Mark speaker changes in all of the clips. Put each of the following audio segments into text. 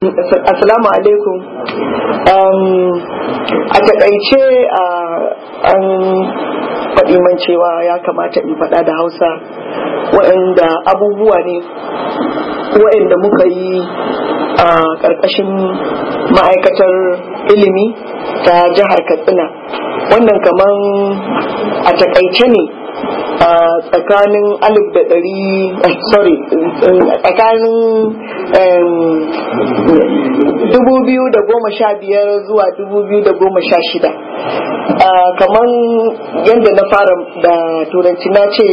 Speaker 1: Asalamu alaikum. Um, a takaice uh, an faɗi man cewa ya kamata in faɗa da Hausa waɗanda abubuwa ne waɗanda muka yi a ƙarƙashin ma'aikatar ilimi ta jihar Katsina. Wannan kaman a takaice ne tsakanin alif da ɗari eh, sorry tsakanin dubu biyu da goma sha biyar zuwa dubu biyu da goma sha shida kamar yadda na fara da turanci na ce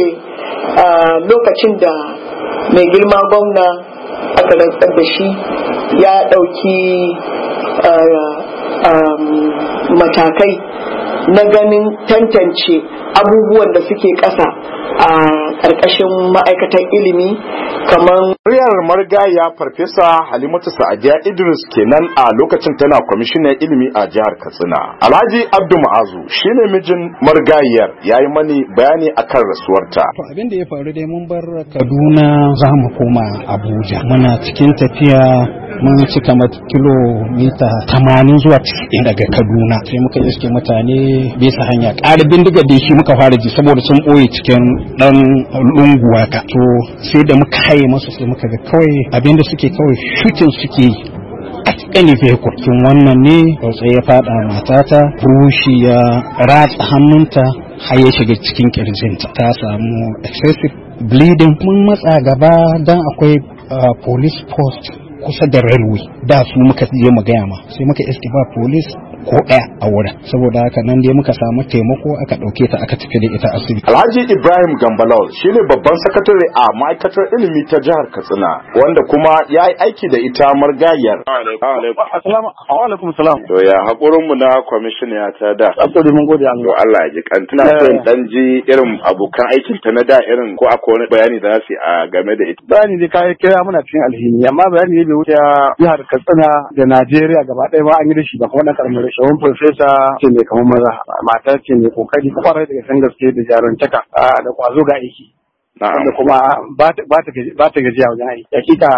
Speaker 1: lokacin da mai girma gwamna aka rantsar da shi ya ɗauki matakai na ganin tantance abubuwan da suke ƙasa karkashin ma'aikatan ilimi kamar riyar margaya farfesa Halimatu Sa'adiya
Speaker 2: Idris kenan a lokacin tana kwamishinan ilimi a jihar Katsina. Alhaji Abdu Ma'azu shi ne mijin ya yi mani bayani akan rasuwarta.
Speaker 3: To abin da ya faru dai mun bar Kaduna za mu koma Abuja. Muna cikin tafiya mun ci kamar kilomita tamanin zuwa cikin daga kaduna sai muka iske mutane bisa hanya ƙara bindiga da shi muka fara ji saboda sun ɓoye cikin ɗan lunguwa ka to sai da muka haye masu sai muka ga kawai abinda suke kawai shutin suke any vehicle kin wannan ne tsaye ya fada matata rushi ya ratsa hannunta har ya shiga cikin kirjinta ta samu excessive bleeding mun matsa gaba dan akwai ah, police post kusa da railway da su muka je mu gaya ma sai muka eskiba police ko ɗaya a wurin saboda haka nan dai muka samu taimako aka ɗauke ta aka tafi da ita asibiti
Speaker 2: alhaji ibrahim gambalawal shine babban sakatare a ma'aikatar ilimi ta jihar katsina wanda kuma ya yi aiki da ita margayar
Speaker 4: alaikum
Speaker 2: salam to ya hakurin mu na commission ya ta da asali mun gode Allah Allah ya ji kan tana so in dan ji irin abokan aikin ta na da irin ko akwai wani bayani
Speaker 4: da za su a game da ita bayani da kai kira muna cikin alhini amma bayani ne bai wuce jihar Katsina da Najeriya gaba ɗaya ba an yi da shi ba kuma na karamin Shugaban Profesa ce mai kamar maza, mata ce mai kokari kwarai da gaske da jaruntaka ah, da kwazo ga aiki. wanda kuma ba ta gajiya wajen aiki hakika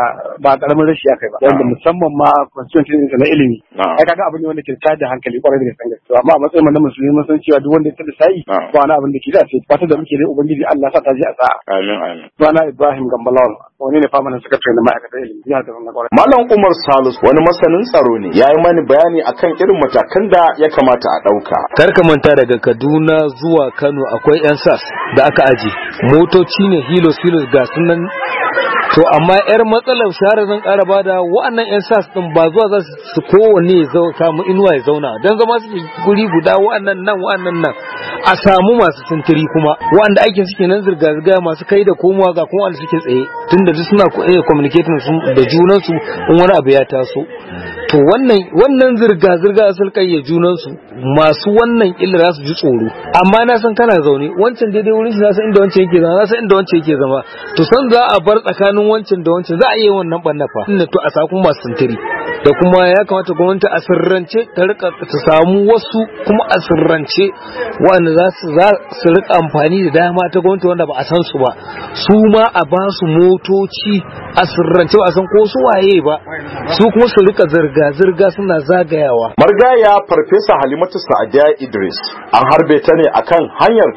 Speaker 4: ba karamin rashi aka yi ba wanda musamman ma constituency na ilimi ai kaga abin ne wanda ke tada hankali kwarai da gaske to amma a matsayin mu na musulmi mun san cewa duk wanda ya tada sai ba wani abin da ke da ce ta da muke dai ubangiji Allah sa ta ji a sa'a amin amin Ibrahim Gambalawal wani ne famanin sakatare na ma'aikatar ilimi ya zama na kwarai Malam Umar Salus
Speaker 2: wani masanin tsaro ne ya yi mani bayani akan irin matakan da ya kamata a ɗauka
Speaker 5: kar ka manta daga Kaduna zuwa Kano akwai 'yan sas da aka aje motoci ne hilos hilos ga sunan to amma yar matsalar share zan kara ba da wa'annan yan sas din ba zuwa za su kowanne ya samu inuwa ya zauna don zama su guri guda wa'annan nan wa'annan nan a samu masu sintiri kuma wa'anda aikin suke nan zirga zirga masu kai da komowa ga kuma wanda suke tsaye tun eh, da suna communicating da junan su in wani abu ya taso to wannan wannan zirga zirga sun kai junan su masu wannan illa za su ji tsoro amma na san kana zaune wancan daidai wurin shi na san inda wancan yake zama na san inda wancan yake zama to san za a bar tsakanin wancan da wancan za a yi wannan bannafa inda to a sakun masu sintiri da kuma ya kamata gwamnati a sirrance ta rika ta samu wasu kuma a sirrance wanda za su rika amfani da dama ta gwamnati wanda ba a san su ba su ma a ba su motoci a sirrance ba a san ko su waye ba su kuma su rika zirga zirga suna zagayawa
Speaker 2: margaya farfesa halimatu sa'adiya idris an harbe ta ne akan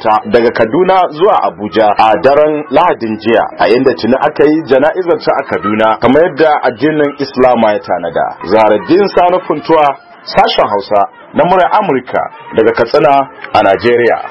Speaker 2: ta daga kaduna zuwa abuja a daren lahadin jiya a inda tuni aka yi jana'izar ta a kaduna kamar yadda addinin islama ya tanada da zaradin sani sashen hausa na murar amurka daga katsina a najeriya